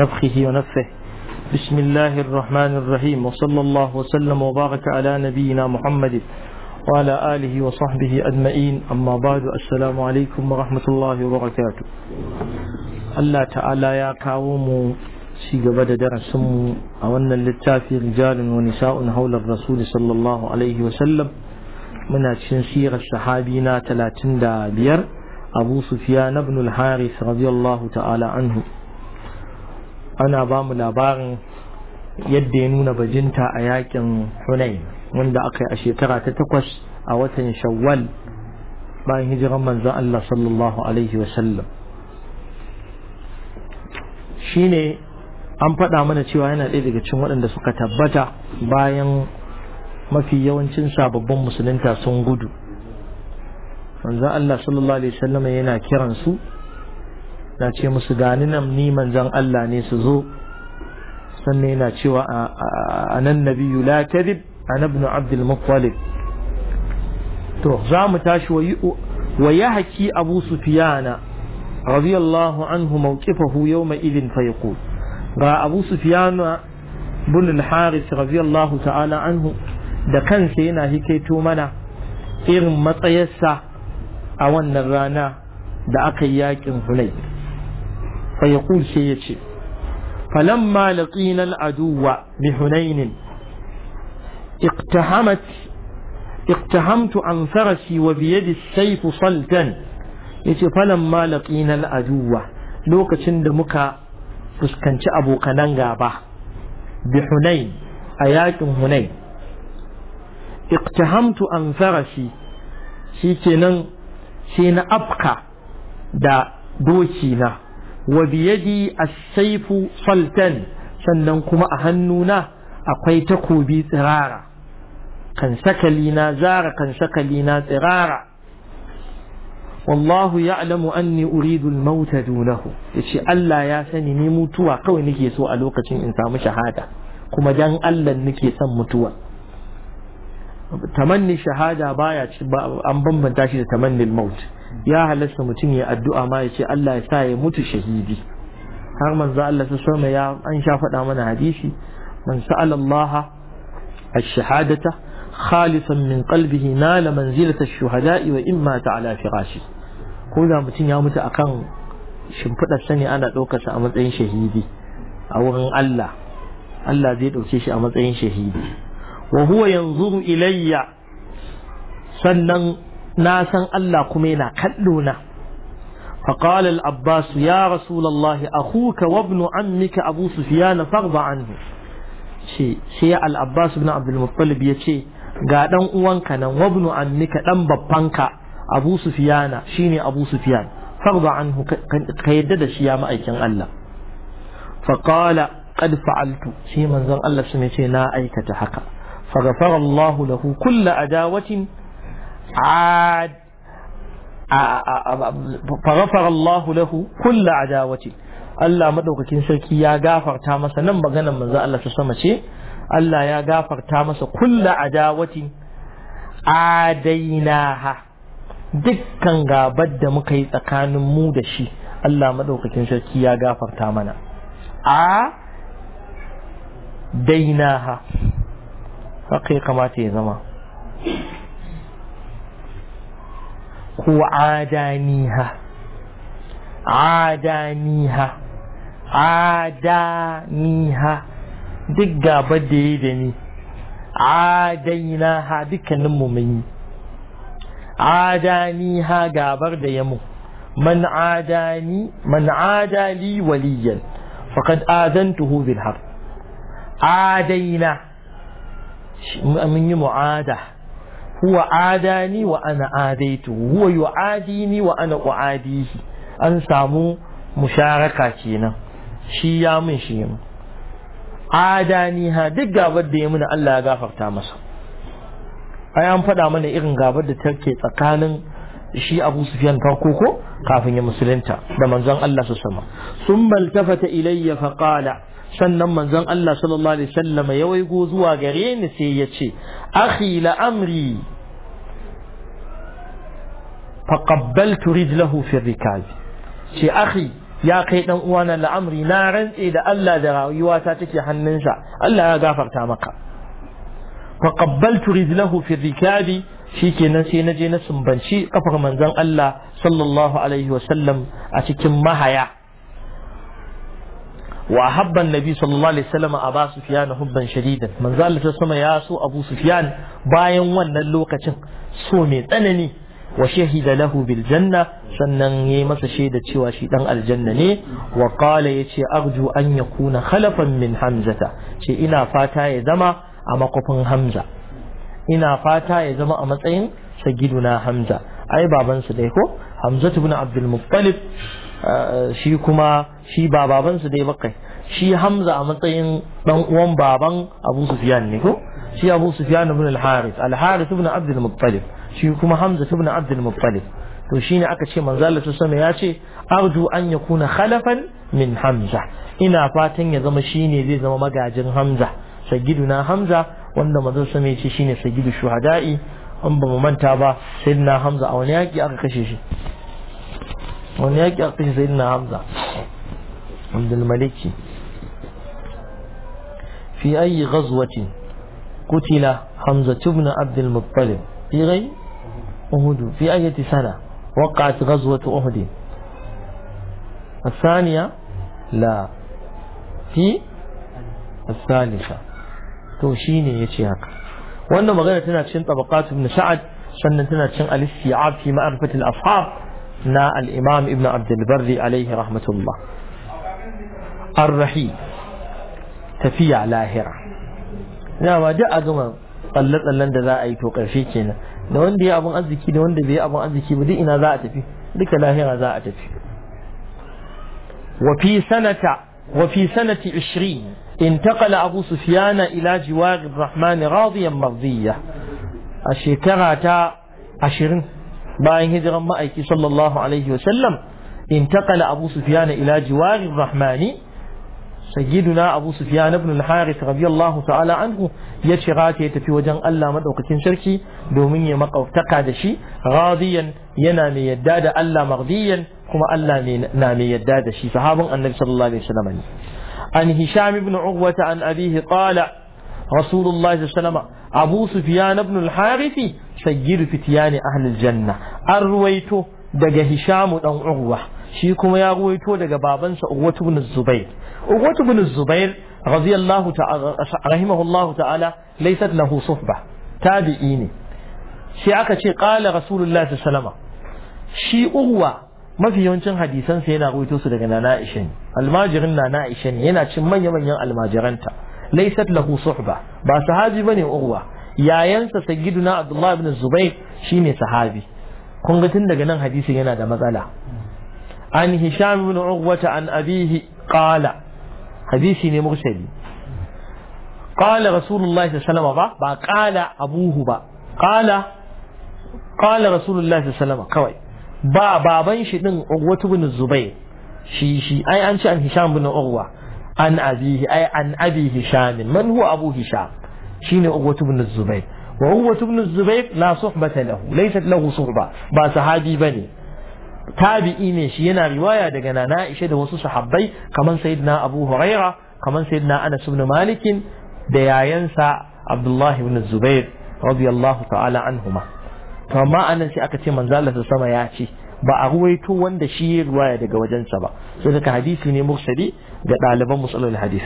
نفخه ونفه بسم الله الرحمن الرحيم وصلى الله وسلم وبارك على نبينا محمد وعلى آله وصحبه أجمعين أما بعد السلام عليكم ورحمة الله وبركاته الله تعالى يا كاوم شيء بدا درس أولنا للتافي رجال ونساء حول الرسول صلى الله عليه وسلم من أجل سير الصحابينا تلاتين بير أبو سفيان بن الحارث رضي الله تعالى عنه ana ba mu labarin yadda ya nuna bajinta a yakin hunain wanda aka yi a shekara ta takwas a watan shawwal bayan hijiran manzon Allah sallallahu alaihi wasallam shine an faɗa mana cewa yana ɗaya daga cikin waɗanda suka tabbata bayan mafi yawancin sababbin musulunta sun gudu manzon Allah sallallahu alaihi wasallam yana kiransu na ce musu gani nan ni manzan Allah ne su zo sannan yana cewa a nan nabiyu la kadib an ibn abdul muttalib to za mu tashi wa ya haki abu sufiyana radiyallahu anhu mawqifahu yawma idin fa yaqul ga abu sufiyana bin al-haris radiyallahu ta'ala anhu da kansa yana hikaito mana irin matsayarsa a wannan rana da aka yi yakin Hunay فيقول سيتشي فلما لقينا العدو بحنين اقتحمت اقتحمت عن فرسي وبيد السيف صلتا يتي فلما لقينا العدو لو كتن دمكا فسكنت أبو كننغابا بحنين آيات هنين اقتحمت عن فرسي سيتنن سين أبقى دا دوشينا wa biyadi as-sayfu saltan sannan kuma a hannuna akwai takobi tsirara kan sakali na zara kan sakali na tsirara wallahu ya'lamu anni uridu al-mauta dunahu yace Allah ya sani ni mutuwa kawai nake so a lokacin in samu shahada kuma dan Allah nake son mutuwa tamanni shahada baya an bambanta shi da tamannin maut ya halasta mutum ya addu'a ma ya ce Allah ya sa ya mutu shahidi har manzo Allah ta sama ya an sha faɗa mana hadisi man sa'ala Allah ash-shahadata khalisan min qalbihi nala manzilata ash-shuhada'i wa imma ta'ala firashi ko da mutum ya mutu akan shimfiɗar sani ana ɗaukar sa a matsayin shahidi a wurin Allah Allah zai ɗauke shi a matsayin shahidi wa huwa yanzuru ilayya sannan na san Allah kuma yana kallo na فقال العباس يا رسول الله أخوك وابن عمك أبو سفيان فارض عنه شيء شيء العباس بن عبد ya ce. ga ɗan uwanka nan wabnu annika dan babbanka Abu shi ne Abu Sufyan farda anhu ka yadda da shi ya ma'aikin Allah fa qala fa'altu shi manzon Allah sun ce na aikata haka Farafarallahu Allahu lahu kulla adawatin عاد فغفر الله له كل عداوته Allah madaukakin sarki ya gafarta masa nan maganar manzo Allah ta sama ce Allah ya gafarta masa kulla adawati adainaha dukkan gabar da muka yi tsakanin mu da shi Allah madaukakin sarki ya gafarta mana a dainaha haka ya kamata ya zama ko adaniha adaniha adaniha duk gaba da yi da ni adainaha dukkanin mu mun yi adaniha gabar da yamu man adani man adali waliyan faqad adantuhu bil haqq adaina mun yi mu'ada huwa adani wa ana adaitu huwa yu'adini wa ana u'adihi an samu musharaka kenan shi ya min shi adani ha duk gabar da ya mun Allah ya gafarta masa ai an faɗa mana irin gabar da take tsakanin shi Abu Sufyan farko ko kafin ya musulunta da manzon Allah su sama summa altafata ilayya fa qala sannan manzon Allah sallallahu alaihi wasallam ya waigo zuwa gare ni sai ya ce akhi la amri faqabbaltu rijlahu fi rikabi ce akhi ya kai dan uwana la'amri na rantse da Allah da rayuwata take hannunsa Allah ya gafarta maka faqabbaltu rijlahu fi ke nan sai naje na sumbanci kafar manzon Allah sallallahu alaihi sallam a cikin mahaya wa habba annabi sallallahu alaihi wasallam aba sufyan hubban shadidan manzon Allah ya so abu sufyan bayan wannan lokacin so mai tsanani wa shahida lahu bil janna sannan yayi masa shaida cewa shi dan aljanna ne wa qala yace arju an yakuna khalafan min hamzata ce ina fata ya zama a makofin hamza ina fata ya zama a matsayin sagiduna hamza ai babansu dai ko hamzatu ibn abdul muttalib shi kuma shi ba babansu dai bakai shi hamza a matsayin dan uwan baban abu sufyan ne ko shi abu sufyan ibn al-harith al-harith ibn abdul muttalib shi kuma hamza ibn abdul muttalib to shine aka ce manzo Allah sallallahu ya ce arju an yakuna khalafan min hamza ina fatan ya zama shine zai zama magajin hamza sayyiduna hamza wanda manzo sallallahu ya ce shine sayyidu shuhada'i an ba mu manta ba sayyidina hamza a wani yaki aka kashe shi wani yaki aka kashe sayyidina hamza abdul maliki في أي غزوة قتل حمزة بن عبد المطلب في غير أهد في أية سنة وقعت غزوة أهد الثانية لا في الثالثة توشيني يتي وأنه وأنا مغيرة تناتشين طبقات ابن سعد سنة تناتشين الاستيعاب في معرفة الأصحاب نا الإمام ابن عبد البر عليه رحمة الله الرحيم تفيع لاهرة نعم جاء قمم قلت لن da أي توقع yi da wanda ya abin arziki da wanda bai abin arziki ba duk ina za a tafi duka lahira za a tafi wafi sanata wafi sanati ishirin intakala abu su fiya na ilaji wa marziya a shekara ta ashirin bayan hijiran ma'aiki sallallahu alaihi wasallam intakala abu su fiya na ilaji wa rahmani sayyiduna abu sufyan ibn al-harith radiyallahu ta'ala anhu ya shiga ta tafi wajen Allah madaukakin sarki domin ya makautaka da shi radiyan yana mai da Allah mardiyan kuma Allah na mai yadda da shi sahabin annabi sallallahu alaihi wasallam an hisham ibn urwa an abihi qala rasulullah sallallahu abu sufyan ibn al-harith sayyid fityan ahli al-janna an ruwaito daga Hishamu dan urwa shi kuma ya ruwaito daga babansa Urwatu ibn Zubair Urwatu ibn Zubair radiyallahu ta'ala rahimahullahu ta'ala laysat lahu suhba tabi'i ne sai aka ce qala rasulullahi sallallahu shi Urwa mafi yawancin hadisansa yana ruwaito su daga Nana Aisha almajirin Nana Aisha yana cin manya-manyan almajiranta laysat lahu suhba ba sahabi bane Urwa yayansa sayyiduna Abdullah ibn Zubair shine sahabi kun ga tun daga nan hadisin yana da matsala an hisham ibn urwata an abihi qala hadisi ne mursali qala rasulullahi sallallahu ba ba qala abuhu ba qala qala rasulullahi sallallahu alaihi kawai baban shi din urwatu ibn zubair shi shi ai an ce an hisham urwa an abihi ai an abi hisham shine urwatu ibn zubair wa urwatu ibn zubair la suhbata lahu laysat lahu suhba ba sahabi bane tabi'i ne shi yana riwaya daga nana Aisha da wasu sahabbai kamar sayyidina Abu Huraira kaman sayyidina Anas ibn Malik da yayansa Abdullah ibn Zubair radiyallahu ta'ala anhuma to amma anan sai aka ce manzo Allah sama ya ce ba a ruwaito wanda shi ya riwaya daga wajensa ba sai daga hadisi ne mursali ga ɗaliban musalul hadis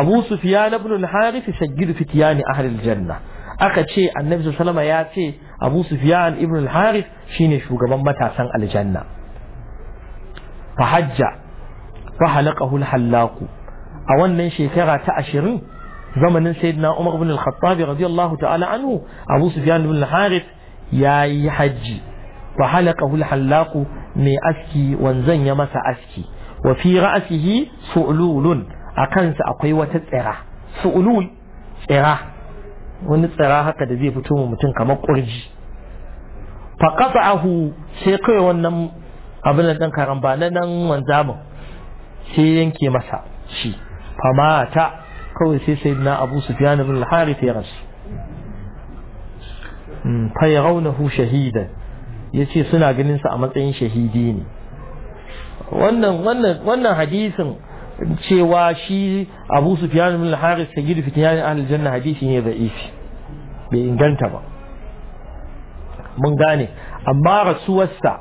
Abu Sufyan ibn al-Harith sajjidu fitiyani ahli al-janna aka ce annabi sallama ya ce abu sufyan ibn al-harith shine shugaban matasan aljanna fa hajja fa halaqahu al a wannan shekara ta ashirin zamanin sayyidina umar ibn al-khattab radiyallahu ta'ala anhu abu sufiyan ibn al-harith yayi hajji fa halaqahu al-hallaqu mai aski wanzan ya masa aski wa fi ra'sihi su'lulun a kansa akwai wata tsira su'lul tsira wani tsara haka da zai fito mu mutum kamar kurji fa qata'ahu sai kai wannan abin dan karan ba nan wanzamin sai yanke masa shi fa mata kawai sai sayyidina Abu Sufyan ibn al-Harith ya rasu hmm, fa yarawnahu shahida yace suna ganin sa a matsayin shahidi ne wannan wannan wannan hadisin cewa shi abu fiye da al-haris fitiya ne an aljanna hadisi ne da'ifi bai inganta ba mun gane amma rasuwarsa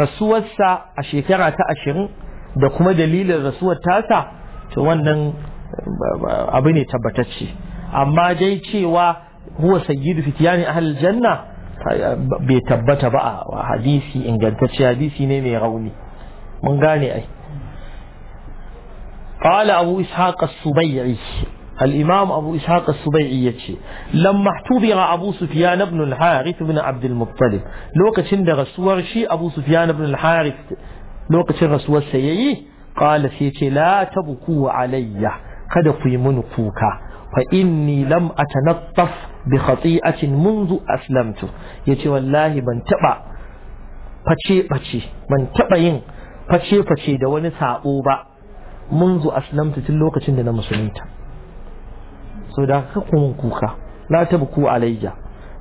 rasuwarsa a shekara ta ashirin da kuma dalilin rasuwar tasa to wannan abu ne tabbatacce amma dai cewa huwa sayyidu fitiyani ahal janna bai tabbata ba a hadisi ingantacce hadisi ne mai rauni mun gane ai قال أبو إسحاق السبيعي الإمام أبو إسحاق السبيعي يتشي لما احتضر أبو سفيان بن الحارث بن عبد المطلب لو كتند رسوار شي أبو سفيان بن الحارث كتند رسوار سيئي قال سيتي لا تبكوا علي قد في yi فإني لم أتنطف بخطيئة منذ أسلمت yace والله من تبع face face من تبعين yin face دون سعوبة منذ أسلمت تلوك تندنا مسلمتا صداقكم من كوكا لا تبكوا علي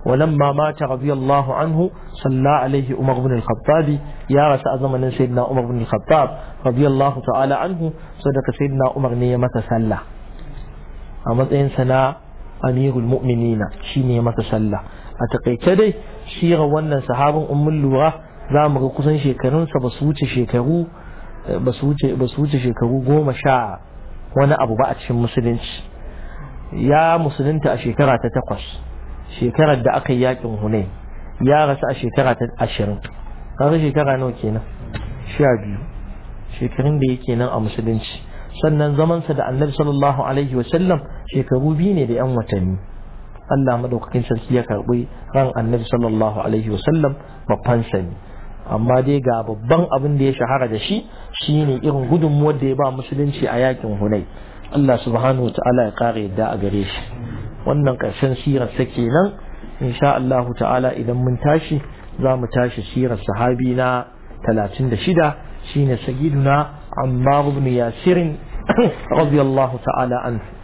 ولما مات رضي الله عنه صلى عليه عمر بن الخطاب يا رسا زمن سيدنا عمر بن الخطاب رضي الله تعالى عنه صدق سيدنا عمر نيمة سلة أمتين سنة أمير المؤمنين شي نيمة سلة أتقيت دي شيغ ونن صحاب أم اللغة za mu ga kusan shekarunsa ba su wuce shekaru ba su wuce shekaru goma sha wani abu ba a cikin musulunci ya musulunta a shekara ta takwas shekarar da aka yi yakin hunai ya rasu a shekara ta ashirin kaga shekara nawa kenan sha biyu shekarun da yake nan a musulunci sannan zamansa da annabi sallallahu alaihi wasallam shekaru biyu ne da yan watanni Allah madaukakin sarki ya karbi ran annabi sallallahu alaihi wasallam babban sani amma dai ga babban abin da ya shahara da shi Shi ne irin gudunmuwar da ya ba musulunci a yakin hunai Allah subhanahu ta'ala ya kare yadda a gare shi wannan ƙarshen sirar sa kenan insha Allah ta'ala idan mun tashi za mu tashi sirar sahabi na 36 shine sayyiduna Ammar ibn yasirin radiyallahu ta'ala anhu